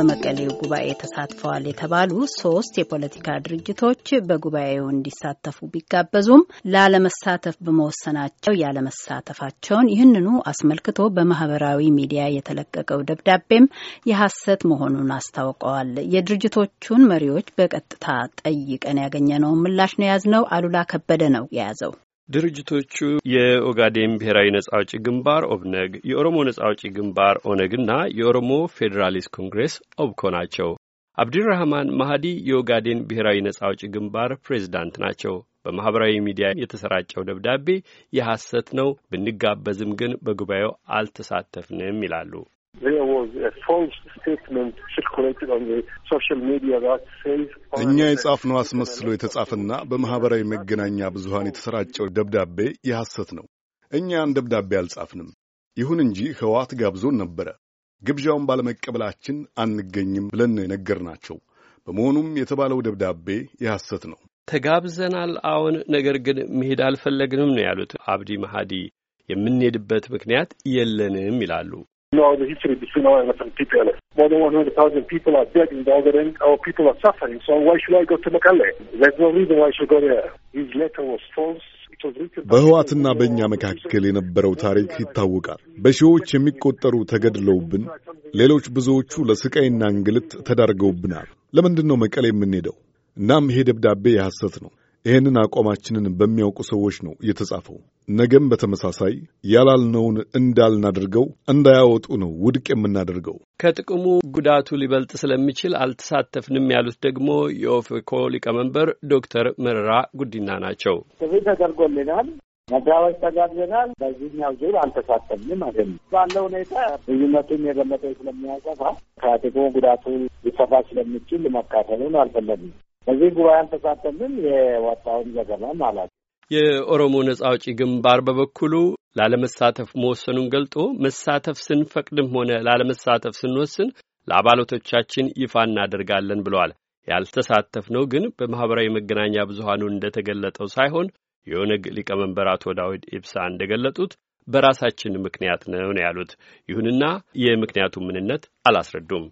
በመቀሌው ጉባኤ ተሳትፈዋል የተባሉ ሶስት የፖለቲካ ድርጅቶች በጉባኤው እንዲሳተፉ ቢጋበዙም ላለመሳተፍ በመወሰናቸው ያለመሳተፋቸውን ይህንኑ አስመልክቶ በማህበራዊ ሚዲያ የተለቀቀው ደብዳቤም የሐሰት መሆኑን አስታውቀዋል። የድርጅቶቹን መሪዎች በቀጥታ ጠይቀን ያገኘነውን ምላሽ ነው የያዝነው። አሉላ ከበደ ነው የያዘው። ድርጅቶቹ የኦጋዴን ብሔራዊ ነጻ አውጪ ግንባር ኦብነግ፣ የኦሮሞ ነጻ አውጪ ግንባር ኦነግና የኦሮሞ ፌዴራሊስት ኮንግሬስ ኦብኮ ናቸው። አብዲራህማን ማሃዲ የኦጋዴን ብሔራዊ ነጻ አውጪ ግንባር ፕሬዚዳንት ናቸው። በማኅበራዊ ሚዲያ የተሰራጨው ደብዳቤ የሐሰት ነው፣ ብንጋበዝም ግን በጉባኤው አልተሳተፍንም ይላሉ። እኛ የጻፍነው አስመስሎ የተጻፈና በማኅበራዊ መገናኛ ብዙሃን የተሰራጨው ደብዳቤ የሐሰት ነው። እኛን ደብዳቤ አልጻፍንም። ይሁን እንጂ ህዋት ጋብዞን ነበረ። ግብዣውን ባለመቀበላችን አንገኝም ብለን የነገርናቸው። በመሆኑም የተባለው ደብዳቤ የሐሰት ነው። ተጋብዘናል፣ አዎን፣ ነገር ግን መሄድ አልፈለግንም ነው ያሉት አብዲ መሃዲ። የምንሄድበት ምክንያት የለንም ይላሉ። You know the history between ONF and people. More than 100,000 people are dead in Bulgaria. Our people are suffering. So why should I go to Makale? There's no reason why I should go there. His letter was false. በህዋትና በእኛ መካከል የነበረው ታሪክ ይታወቃል። በሺዎች የሚቆጠሩ ተገድለውብን፣ ሌሎች ብዙዎቹ ለስቃይና እንግልት ተዳርገውብናል። ለምንድን ነው መቀሌ የምንሄደው? እናም ይሄ ደብዳቤ የሐሰት ነው። ይህንን አቋማችንን በሚያውቁ ሰዎች ነው የተጻፈው። ነገም በተመሳሳይ ያላልነውን እንዳልናደርገው እንዳያወጡ ነው ውድቅ የምናደርገው። ከጥቅሙ ጉዳቱ ሊበልጥ ስለሚችል አልተሳተፍንም ያሉት ደግሞ የኦፌኮ ሊቀመንበር ዶክተር መረራ ጉዲና ናቸው። ጥሪ ተደርጎልናል፣ መጋባዎች ተጋብዘናል። በዚህኛው ዙር አልተሳተፍንም ማለት ነው። ባለ ሁኔታ ልዩነቱን የበለጠ ስለሚያሰፋ ከጥቅሙ ጉዳቱ ሊሰፋ ስለሚችል መካተሉን አልፈለግም። በዚህ ጉባኤ አልተሳተፍንም። የወጣውን ዘገባ ማለት ነው። የኦሮሞ ነጻ አውጪ ግንባር በበኩሉ ላለመሳተፍ መወሰኑን ገልጦ መሳተፍ ስንፈቅድም ሆነ ላለመሳተፍ ስንወስን ለአባላቶቻችን ይፋ እናደርጋለን ብለዋል። ያልተሳተፍነው ግን በማኅበራዊ መገናኛ ብዙሃኑ እንደተገለጠው ሳይሆን የኦነግ ሊቀመንበር አቶ ዳዊድ ኢብሳ እንደገለጡት በራሳችን ምክንያት ነው ነው ያሉት። ይሁንና የምክንያቱ ምንነት አላስረዱም።